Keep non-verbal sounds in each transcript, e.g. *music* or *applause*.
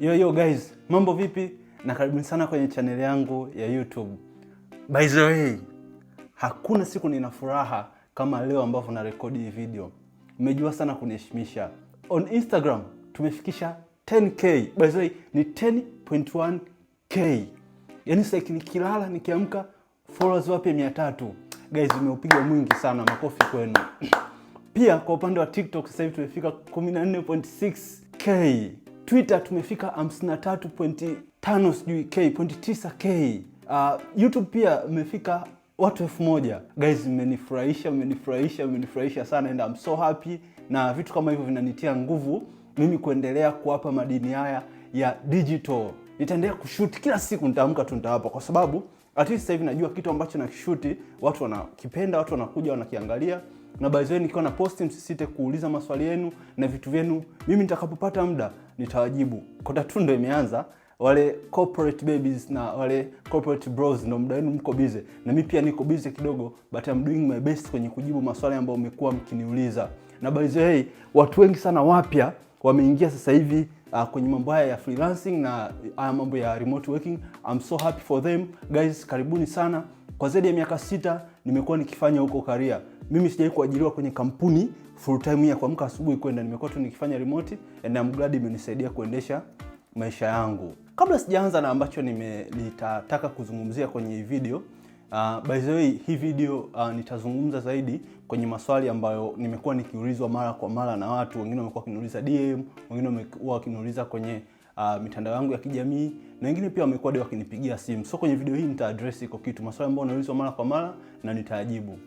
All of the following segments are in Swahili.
Yo yo guys, mambo vipi? Na karibuni sana kwenye chaneli yangu ya YouTube. By the way, hakuna siku nina furaha kama leo ambavyo narekodi hii video. Mmejua sana kuniheshimisha. On Instagram tumefikisha 10k. By the way, ni 10.1k. Yaani sasa nikilala nikiamka followers wapi 300. Guys, nimeupiga mwingi sana, makofi kwenu. *clears throat* Pia kwa upande wa TikTok sasa hivi tumefika 14.6k. Twitter tumefika 53.5 sijui k 9k. Uh, ah, YouTube pia mmefika watu elfu moja. Guys, mmenifurahisha mmenifurahisha mmenifurahisha sana and I'm so happy, na vitu kama hivyo vinanitia nguvu mimi kuendelea kuwapa madini haya ya digital. Nitaendelea kushuti kila siku, nitaamka tu nitawapa, kwa sababu at least sasa hivi najua kitu ambacho nakishuti watu wanakipenda, watu wanakuja wanakiangalia. Na by the way, nikiwa na posti, msisite kuuliza maswali yenu na vitu vyenu mimi nitakapopata muda nitawajibu. Kota tu ndo imeanza, wale corporate babies na wale corporate bros ndo muda wenu mko busy, na mimi pia niko busy kidogo, but I'm doing my best kwenye kujibu maswali ambayo mmekuwa mkiniuliza. Na by the way, watu wengi sana wapya wameingia sasa hivi uh, kwenye mambo haya ya freelancing na uh, haya uh, mambo ya remote working. I'm so happy for them guys, karibuni sana. Kwa zaidi ya miaka sita nimekuwa nikifanya huko career mimi sijai kuajiriwa kwenye kampuni full time ya kuamka asubuhi kwenda, nimekuwa tu nikifanya remote and I'm glad imenisaidia kuendesha maisha yangu. Kabla sijaanza na ambacho nitataka kuzungumzia kwenye hii video uh, by the way hii video uh, nitazungumza zaidi kwenye maswali ambayo nimekuwa nikiulizwa mara kwa mara na watu wengine, wamekuwa wakiniuliza DM, wengine wamekuwa wakiniuliza kwenye uh, mitandao yangu ya kijamii na wengine pia wamekuwa wakinipigia simu. So kwenye video hii nita address iko kitu maswali ambayo unaulizwa mara kwa mara na nitaajibu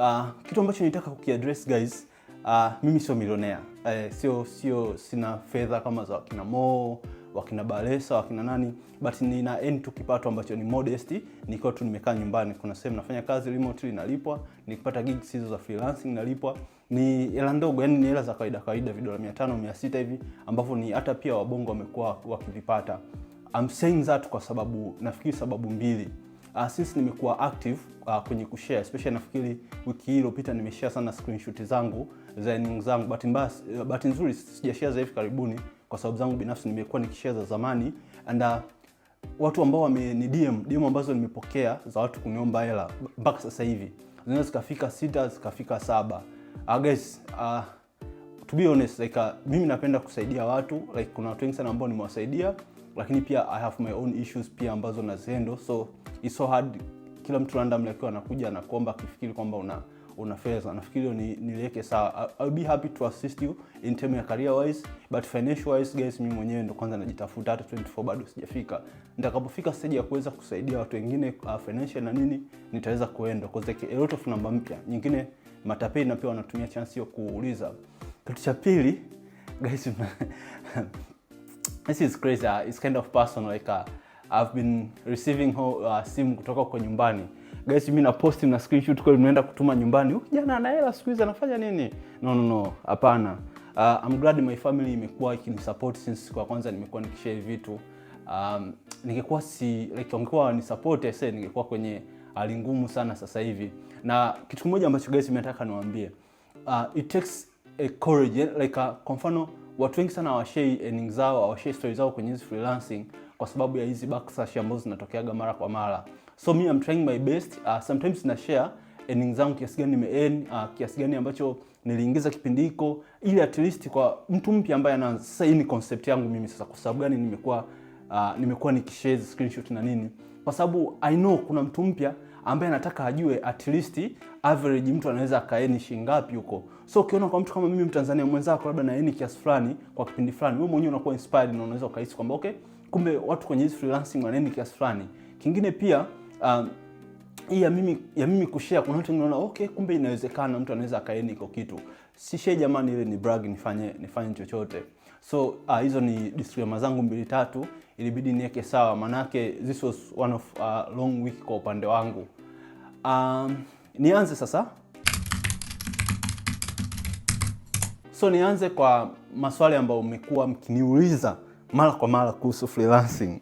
Uh, kitu ambacho nitaka kukiaddress guys, uh, mimi sio milionea uh, eh, sio sio, sina fedha kama za wakina Mo wakina Balesa wakina nani, but nina earn tu kipato ambacho ni modest, nikiwa tu nimekaa nyumbani. Kuna sehemu nafanya kazi remotely nalipwa, nikipata gigs hizo za freelancing nalipwa, ni hela ndogo, yani ni hela za kawaida kawaida, vidola 500 600 hivi, ambapo ni hata pia wabongo wamekuwa wakivipata. I'm saying that kwa sababu nafikiri sababu mbili uh, since nimekuwa active uh, kwenye kushare especially, nafikiri wiki hii iliyopita nimeshare sana screenshot zangu za earnings zangu. but mbaya, ah, but nzuri sijashare za hivi karibuni kwa sababu zangu binafsi nimekuwa nikishare za zamani and uh, watu ambao wameni DM DM ambazo nimepokea za watu kuniomba hela mpaka sasa hivi zinaweza zikafika sita zikafika saba. Uh, guys, uh, to be honest like uh, mimi napenda kusaidia watu like kuna watu wengi sana ambao nimewasaidia, lakini pia I have my own issues pia ambazo nazendo so it's so hard, kila mtu random like anakuja anakuomba akifikiri kwamba una una fedha. Nafikiri ni niliweke sawa. I'll be happy to assist you in term ya career wise, but financial wise guys, mimi mwenyewe ndo kwanza najitafuta, hata 24 bado sijafika. Nitakapofika stage ya kuweza kusaidia watu wengine uh, financial na nini, nitaweza kuenda kwa like, a lot of namba mpya nyingine matapeli na pia wanatumia chance hiyo kuuliza. Kitu cha pili guys, *laughs* this is crazy, uh, it's kind of personal like uh, I've been receiving ho, uh, simu kutoka kwa nyumbani. Guys, mimi na post na screenshot kwa nimeenda kutuma nyumbani. Huyu jana ana hela siku hizi anafanya nini? No no no, hapana. Uh, I'm glad my family imekuwa ikinisupport since siku ya kwanza nimekuwa nikishare vitu. Um, ningekuwa si like ungekuwa ni support ese, ningekuwa kwenye hali ngumu sana sasa hivi. Na kitu kimoja ambacho guys nimetaka niwaambie. Uh, it takes a courage like a, uh, kwa mfano watu wengi sana hawashare earnings zao, hawashare stories zao kwenye freelancing kwa sababu ya hizi backslash ambazo zinatokeaga mara kwa mara. So me I'm trying my best. Uh, sometimes na share earnings zangu kiasi gani nime earn, uh, kiasi gani ambacho niliingiza kipindi hiko, ili at least kwa mtu mpya ambaye ana sasa, hii ni concept yangu mimi sasa, kwa sababu gani nimekuwa uh, nimekuwa nikishare screenshot na nini, kwa sababu I know kuna mtu mpya ambaye anataka ajue at least average mtu anaweza akaeni shingapi huko. So ukiona kwa mtu kama mimi Mtanzania mwenzako labda naeni kiasi fulani kwa kipindi fulani, wewe mwenyewe unakuwa inspired na unaweza ukahisi kwamba okay kumbe watu kwenye hizi freelancing wanaenda kiasi fulani. Kingine pia um, hii ya mimi ya mimi kushare, kuna watu wanaona okay, kumbe inawezekana mtu anaweza akaeni iko kitu. Si share jamani, ile ni brag, nifanye nifanye chochote. So uh, hizo ni disclaimer zangu mbili tatu, ilibidi niweke sawa, manake this was one of uh, long week kwa upande wangu. Um, nianze sasa. So nianze kwa maswali ambayo mmekuwa mkiniuliza mara kwa mara kuhusu freelancing.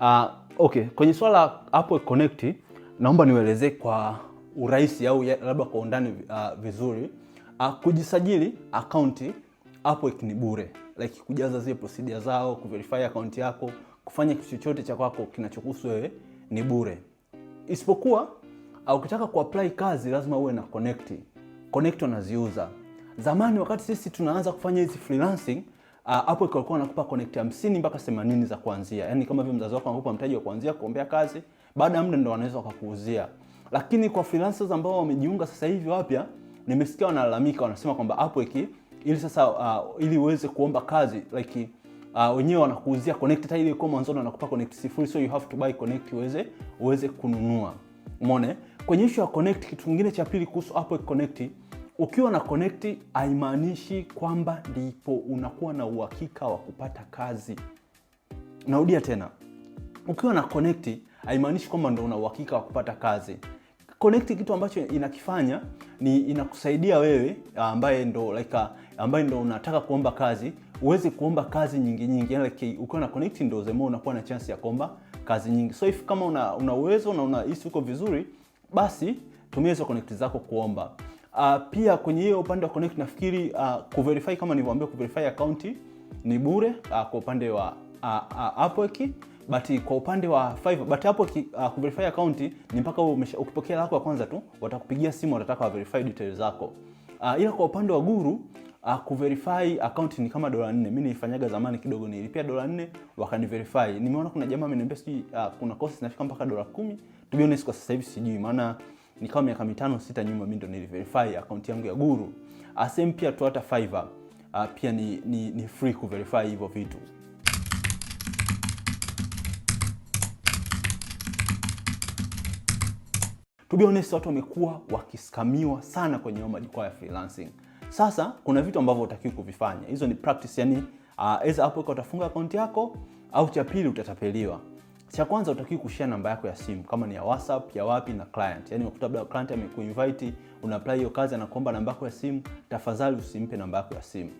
Uh, okay, kwenye swala la Upwork Connect naomba niwaelezee kwa urahisi au labda kwa undani uh, vizuri uh, kujisajili akaunti Upwork ni bure, like kujaza zile procedure zao, kuverify akaunti yako, kufanya kitu chochote cha kwako kinachokuhusu wewe ni bure, isipokuwa ukitaka kuapply kazi lazima uwe na connect connect as user. Zamani wakati sisi tunaanza kufanya hizi freelancing hapo ah, uh, ilikuwa nakupa connect 50 mpaka 80 za kuanzia, yaani kama vile mzazi wako anakupa mtaji wa kuanzia kuombea kazi, baada ya muda ndio wanaweza wakakuuzia. Lakini kwa freelancers ambao wamejiunga sasa hivi wapya, nimesikia wanalalamika, wanasema kwamba hapo iki ili sasa uh, ili uweze kuomba kazi like uh, wenyewe wanakuuzia connect, hata ile kwa mwanzo wanakupa connect sifuri, so you have to buy connect uweze uweze kununua, umeona kwenye ishu ya connect, kitu kingine cha pili kuhusu Upwork Connect, ukiwa na connect haimaanishi kwamba ndipo unakuwa na uhakika wa kupata kazi. naudia tena, ukiwa na connect haimaanishi kwamba ndo una uhakika wa kupata kazi. Connect kitu ambacho inakifanya ni inakusaidia wewe ah, ambaye ndo like ah, ambaye ndo unataka kuomba kazi uweze kuomba kazi nyingi nyingi, yani like ukiwa na connect ndo zemo unakuwa na chance ya kuomba kazi nyingi. So if kama una, una uwezo na unahisi uko vizuri basi tumia hizo connect zako kuomba. Uh, pia kwenye hiyo upande wa connect nafikiri uh, kuverify kama nilivyoambia, kuverify account ni bure uh, kwa upande wa uh, uh, Upwork but kwa upande wa Fiverr but hapo uh, kuverify account ni mpaka ukipokea lako ya kwanza tu, watakupigia simu watataka wa verify details zako uh, ila kwa upande wa Guru uh, kuverify account ni kama dola 4. Mimi nilifanyaga zamani kidogo, nilipia dola nne wakaniverify. Nimeona kuna jamaa ameniambia sijui uh, kuna course zinafika mpaka dola 10. To be honest, kwa sasa hivi sijui, maana ni kama miaka mitano sita nyuma mimi ndo niliverify account yangu ya Guru. Uh, same pia tu hata Fiverr uh, pia ni, ni, ni free kuverify hivyo vitu. To be honest, watu wamekuwa wakiskamiwa sana kwenye majukwaa ya freelancing. Sasa kuna vitu ambavyo utakiwa kuvifanya, hizo ni practice, yani aidha uh, hapo uh, utafunga akaunti yako au cha pili utatapeliwa. Cha kwanza utakiwa kushare namba yako ya simu kama ni ya WhatsApp ya wapi na client. yani unakuta labda client amekuinvite, una apply hiyo kazi anakuomba namba yako ya simu, tafadhali usimpe namba yako ya simu.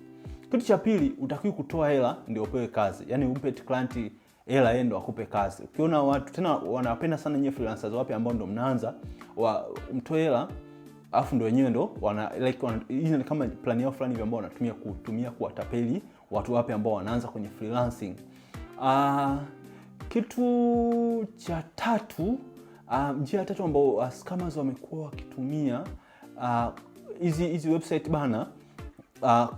Kitu cha pili utakiwa kutoa hela ndio upewe kazi. yani umpe client hela yeye ndo akupe kazi. Ukiona watu tena wanapenda sana nyewe freelancers wapi ambao ndo mnaanza, wa mtoe hela alafu ndo wenyewe ndo wana like wana, ni kama plani yao fulani ambao wanatumia kutumia kuwatapeli watu wape ambao wanaanza kwenye freelancing. Uh, kitu cha tatu uh, njia ya tatu ambao ah, scammers wamekuwa wakitumia hizi uh, website bana uh,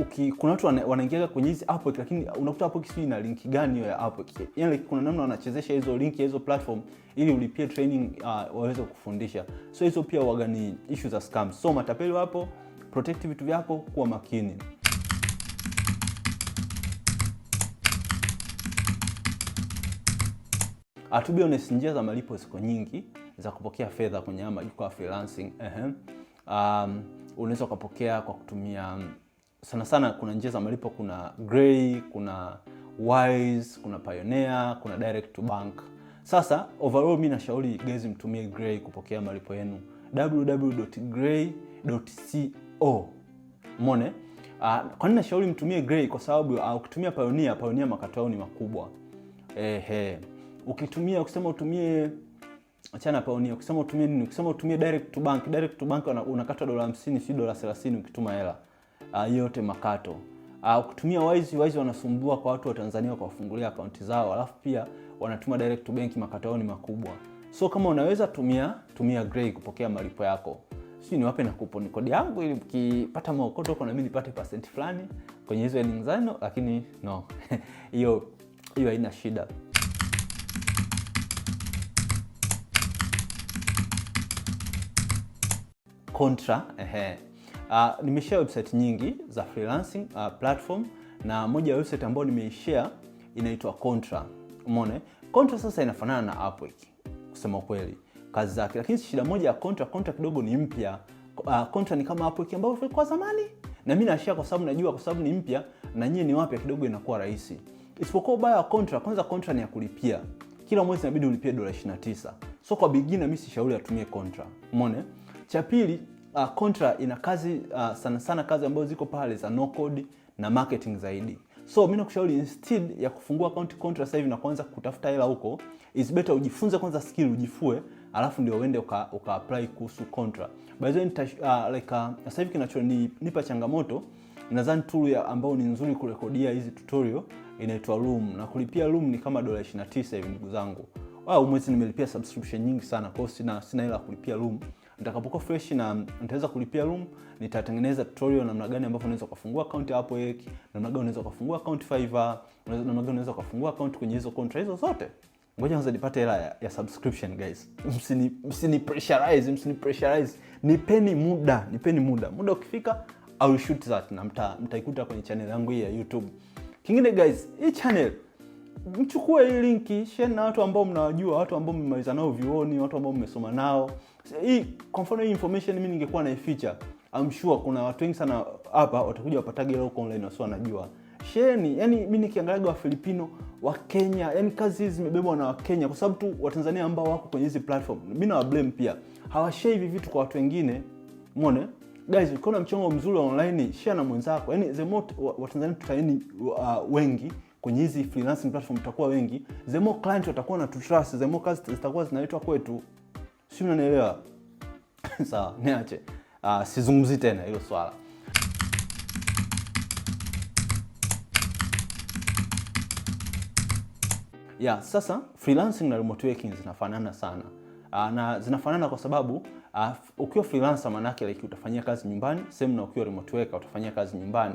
uki, kuna watu wanaingia kwenye hizi Upwork lakini unakuta Upwork sijui ina linki gani hiyo ya Upwork. Yaani kuna namna wanachezesha hizo link hizo platform ili ulipie training uh, waweze kufundisha. So hizo pia waga ni issue za scam. So matapeli wapo, protect vitu vyako, kuwa makini. Ah, to be honest, njia za malipo ziko nyingi za kupokea fedha kwenye majukwaa freelancing. Ehe. Um, unaweza ukapokea kwa kutumia sana sana kuna njia za malipo, kuna Gray, kuna Wise, kuna Pioneer, kuna direct to bank. Sasa overall mi nashauri guys mtumie Gray kupokea malipo yenu www.gray.co. Mone uh, ah, kwa nini nashauri mtumie Gray? Kwa sababu uh, ukitumia Pioneer, Pioneer makato yao ni makubwa. Ehe, ukitumia ukisema utumie achana Pioneer, ukisema utumie nini, ukisema utumie direct to bank, direct to bank unakata dola 50 si dola 30 ukituma hela uh, yote makato. Uh, kutumia Wise, Wise wanasumbua kwa watu wa Tanzania kuwafungulia akaunti zao, alafu pia wanatuma direct to bank, makato yao ni makubwa. So kama unaweza tumia tumia Gray kupokea malipo yako. Sio niwape na kuponi kodi yangu ili kipata maokoto kwa na nipate percent fulani kwenye hizo earnings zenu, lakini no. *laughs* Hiyo hiyo haina shida. Contra, ehe. Uh, nimeshare website nyingi za freelancing uh, platform na moja ya website ambayo nimeishare inaitwa Contra. Umeona? Contra sasa inafanana na Upwork kusema kweli kazi zake, lakini shida moja ya Contra, Contra kidogo ni mpya. Uh, ah, Contra ni kama Upwork ambayo ilikuwa zamani, na mimi nashare kwa sababu najua, kwa sababu ni mpya na nyie ni wapya, kidogo inakuwa rahisi, isipokuwa ubaya wa Contra, Kwanza Contra ni ya kulipia kila mwezi, inabidi ulipie dola 29. So kwa beginner mimi sishauri atumie Contra. Umeona? Cha pili uh, ah, Kontra ina kazi uh, sana sana kazi ambazo ziko pale za no code na marketing zaidi. So mimi nakushauri instead ya kufungua account Kontra sasa hivi na kuanza kutafuta hela huko, is better ujifunze kwanza skill ujifue, alafu ndio uende uka, uka apply kuhusu Kontra. By the way uh, like uh, sasa hivi kinachonipa changamoto nadhani tool ya ambao ni nzuri kurekodia hizi tutorial inaitwa Loom na kulipia Loom ni kama dola 29 hivi ndugu zangu. Wow, mwezi nimelipia subscription nyingi sana kwa hiyo sina sina hela kulipia Loom. Nitakapokuwa fresh na nitaweza kulipia room, nitatengeneza tutorial namna gani ambavyo unaweza kufungua account hapo Upwork, namna gani unaweza kufungua account Fiverr, namna gani unaweza kufungua account kwenye hizo contract hizo zote. Ngoja kwanza nipate hela ya, ya subscription guys. Msini msini pressurize, msini pressurize. Nipeni muda, nipeni muda. Muda ukifika I will shoot that na mta, mtaikuta kwenye channel yangu hii ya YouTube. Kingine guys, hii channel mchukue hii linki, share na watu ambao mnawajua, watu ambao mmemaliza nao vioni, watu ambao mmesoma nao hii kwa mfano hii information mimi ningekuwa naificha, I'm sure kuna watu wengi sana hapa watakuja wapatage huko online wasio wanajua. Sheni, yani mimi nikiangalia wa Filipino, wa Kenya, yani kazi hizi zimebebwa na wa Kenya kwa sababu tu wa Tanzania ambao wako kwenye hizi platform. Mimi na blame pia. Hawashare hivi vitu kwa watu wengine. Umeona? Guys, na mchongo mzuri wa online, share na mwenzako. Yani the more Tanzania tutaini uh, wengi kwenye hizi freelancing platform tutakuwa wengi, the more client watakuwa na trust, the more kazi zitakuwa zinaletwa kwetu si unanielewa? Sawa, niache. Uh, sizungumzi tena hilo swala. *laughs* Yeah, sasa freelancing na remote working zinafanana sana. Uh, na zinafanana kwa sababu uh, ukiwa freelancer maana yake like utafanyia kazi nyumbani, same na ukiwa remote worker utafanyia kazi nyumbani.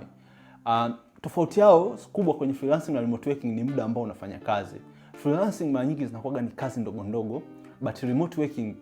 Uh, tofauti yao kubwa kwenye freelancing na remote working ni muda ambao unafanya kazi. Freelancing mara nyingi zinakuwa ni kazi ndogo ndogo but remote working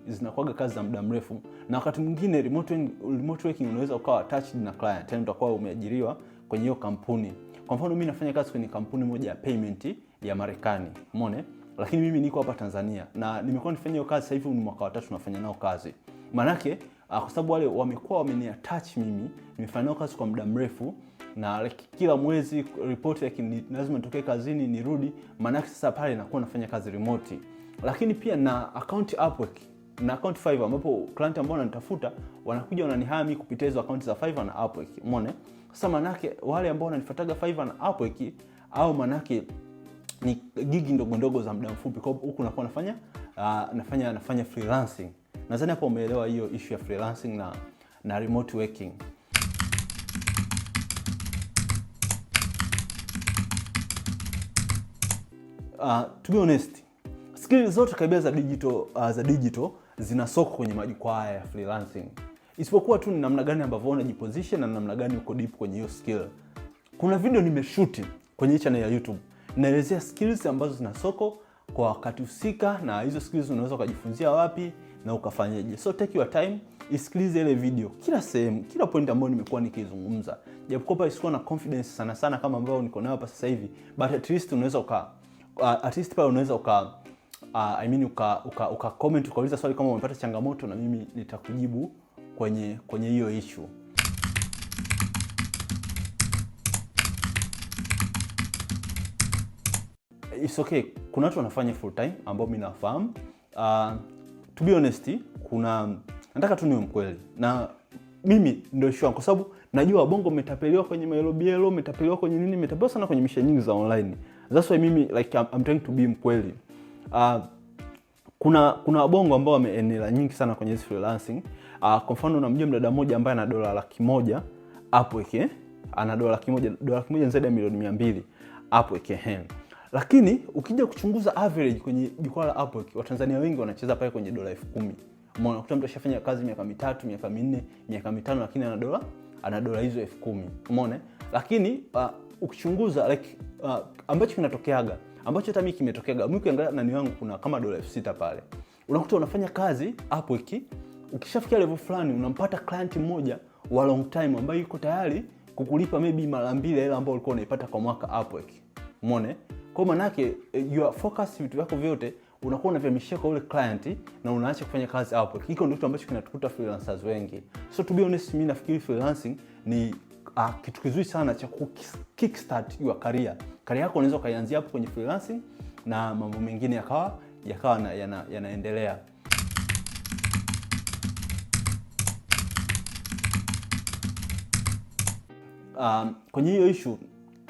kazi za muda mrefu, na wakati mwingine remote, remote working unaweza ukawa attached na client, yani utakuwa umeajiriwa kwenye hiyo kampuni. Kwa mfano mimi nafanya kazi kwenye kampuni moja ya payment ya Marekani, umeona, lakini mimi niko hapa Tanzania na nimekuwa nifanya hiyo kazi sasa hivi ni mwaka wa tatu nafanya nao kazi, maanake ah, kwa sababu wale wamekuwa wameniattach mimi, nimefanya nao kazi kwa muda mrefu na like, kila mwezi ripoti ya ni, lazima nitokee kazini nirudi, maanake sasa pale nakuwa nafanya kazi remote, lakini pia na account Upwork na account Fiverr ambapo client ambao wananitafuta wanakuja wananihami kupitia hizo account za Fiverr na Upwork. Umeona? Sasa manake wale ambao wananifuataga Fiverr na Upwork au manake ni gigi ndogo ndogo za muda mfupi, kwa huku nakuwa nafanya uh, nafanya nafanya freelancing. Nadhani hapo umeelewa hiyo issue ya freelancing na na remote working. uh, to be honest, skills zote kabisa za digital, uh, za digital zina soko kwenye majukwaa ya freelancing, isipokuwa tu ni namna gani ambavyo unajiposition na namna gani uko deep kwenye hiyo skill. Kuna video nimeshuti kwenye channel ya YouTube naelezea skills ambazo zina soko kwa wakati husika, na hizo skills unaweza ukajifunzia wapi na ukafanyaje. So take your time, isikilize ile video kila sehemu, kila point ambayo nimekuwa nikizungumza, japokuwa pale sikuwa na confidence sana sana kama ambao niko nayo hapa sasa hivi, but at least unaweza uka uh, at least pale unaweza uka uh, I mean uka, uka, uka comment ukauliza swali kama umepata changamoto, na mimi nitakujibu kwenye kwenye hiyo ishu. It's okay. Kuna watu wanafanya full time ambao mimi nafahamu. Uh, to be honest, kuna nataka tu niwe mkweli na mimi ndio shua, kwa sababu najua Bongo umetapeliwa kwenye mailobielo, metapeliwa umetapeliwa kwenye nini, umetapeliwa sana kwenye misha nyingi za online. That's why mimi like I'm, I'm trying to be mkweli. Uh, kuna kuna wabongo ambao wameenela nyingi sana kwenye hizi freelancing. Uh, kwa mfano unamjua mdada mmoja ambaye ana dola laki moja hapo yake. Ana dola laki moja, dola laki moja zaidi ya milioni mia mbili Upwork eh. Lakini ukija kuchunguza average kwenye jukwaa la Upwork, Watanzania wengi wanacheza pale kwenye dola elfu kumi. Umeona, kuna mtu ashafanya kazi miaka mitatu, miaka minne, miaka mitano, lakini ana dola ana dola hizo elfu kumi. Umeona, lakini uh, ukichunguza like uh, ambacho kinatokeaga ambacho hata mimi kimetokeaga mimi ukiangalia nani wangu kuna kama dola elfu sita pale, unakuta unafanya kazi hapo iki ukishafikia level fulani unampata client mmoja wa long time ambaye yuko tayari kukulipa maybe mara mbili ile ambayo ulikuwa unaipata kwa mwaka hapo iki Umeona? Kwa maana yake eh, your focus vitu vyako vyote unakuwa unavyamishia kwa ule client na unaacha kufanya kazi hapo Hiko ndio kitu ambacho kinatukuta freelancers wengi. So to be honest, mimi nafikiri freelancing ni uh, kitu kizuri sana cha kickstart your career. Career yako unaweza ukaianzia hapo kwenye freelancing na mambo mengine yakawa yakawa yana, yanaendelea. Um, kwenye hiyo issue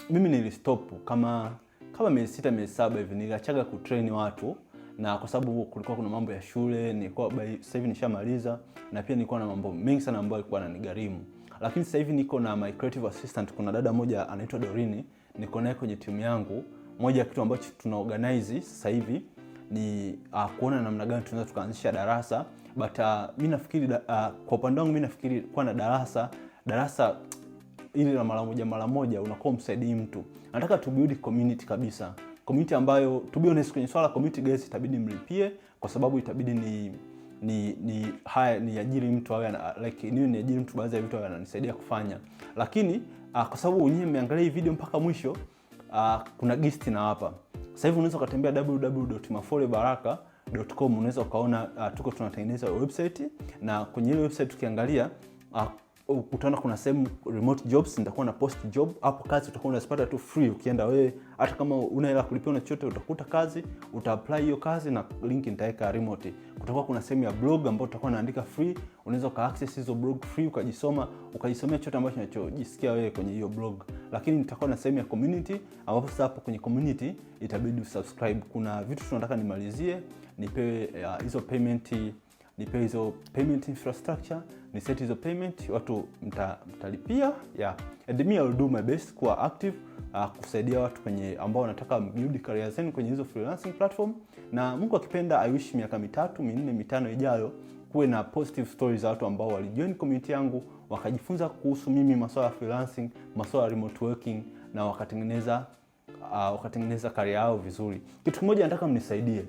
mimi nilistop kama kama miezi sita miezi saba hivi, niliachaga kutrain watu na kwa sababu kulikuwa kuna mambo ya shule, nilikuwa sasa hivi nishamaliza, na pia nilikuwa na mambo mengi sana ambayo yalikuwa yananigharimu. Lakini sasa hivi niko na my creative assistant, kuna dada moja anaitwa Dorini, niko naye kwenye timu yangu. Moja ya kitu ambacho tuna organize sasa hivi ni uh, kuona namna gani tunaweza tukaanzisha darasa but uh, ah, mimi nafikiri uh, kwa upande wangu mimi nafikiri kuwa na darasa darasa ili la mara moja mara moja unakuwa msaidii mtu. Nataka to build community kabisa, community ambayo to be honest, kwenye swala community guys, itabidi mlipie kwa sababu itabidi ni ni, ni haya niajiri mtu awe like niwe niajiri mtu baadhi ya vitu ananisaidia kufanya, lakini uh, kwa sababu wenyewe mmeangalia hii video mpaka mwisho uh, kuna gift na hapa sasa hivi unaweza ukatembea www.mafolebaraka.com unaweza ukaona uh, tuko tunatengeneza website na kwenye ile website tukiangalia uh, utaona kuna sehemu remote jobs, nitakuwa na post job. Hapo kazi utakuwa unazipata tu free, ukienda wewe, hata kama una hela kulipia na chochote, utakuta kazi, uta apply hiyo kazi na link nitaweka remote. Kutakuwa kuna sehemu ya blog ambayo utakuwa unaandika free, unaweza ka access hizo blog free, ukajisoma, ukajisomea chochote ambacho unachojisikia wewe kwenye hiyo blog. Lakini nitakuwa na sehemu ya community, ambapo sasa hapo kwenye community itabidi usubscribe. Kuna vitu tunataka nimalizie, nipewe uh, hizo uh, payment nipewe hizo payment infrastructure, ni set hizo payment, watu mtalipia mta yeah. And me I'll do my best kuwa active uh, kusaidia watu kwenye ambao wanataka build career zenu kwenye hizo freelancing platform, na Mungu akipenda, I wish miaka mitatu minne mitano ijayo kuwe na positive stories za watu ambao walijoin community yangu wakajifunza kuhusu mimi, masuala ya freelancing, masuala ya remote working na wakatengeneza uh, wakatengeneza career yao vizuri. Kitu kimoja nataka mnisaidie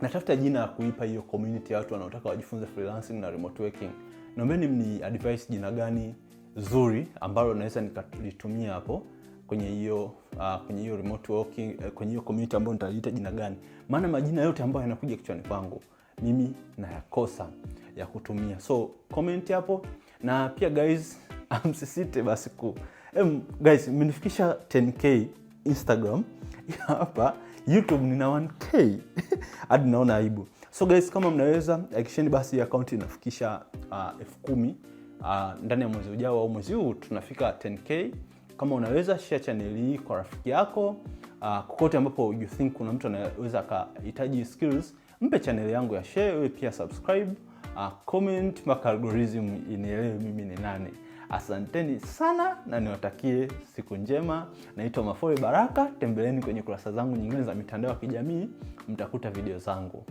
natafuta jina ya kuipa hiyo community ya watu wanaotaka wajifunze freelancing na remote working. Naombeni mni advice jina gani zuri ambalo naweza nikalitumia hapo kwenye hiyo uh, kwenye hiyo remote working uh, kwenye hiyo community ambayo nitaliita jina gani? Maana majina yote ambayo yanakuja kichwani kwangu mimi nayakosa ya kutumia. So comment hapo, na pia guys, amsisite *laughs* basi ku em, guys mmenifikisha 10k Instagram *laughs* hapa YouTube nina 1k *laughs* hadi naona aibu. So guys, kama mnaweza hakikisheni basi akaunti inafikisha uh, elfu kumi uh, ndani ya mwezi ujao au mwezi huu tunafika 10k. Kama unaweza share channel hii kwa rafiki yako uh, kokote ambapo you think kuna mtu anaweza akahitaji skills, mpe channel yangu ya share. Wewe pia subscribe, uh, comment mpaka algorithm inielewe mimi ni nani. Asanteni sana na niwatakie siku njema. Naitwa Mafori Baraka, tembeleni kwenye kurasa zangu nyingine za mitandao ya kijamii, mtakuta video zangu.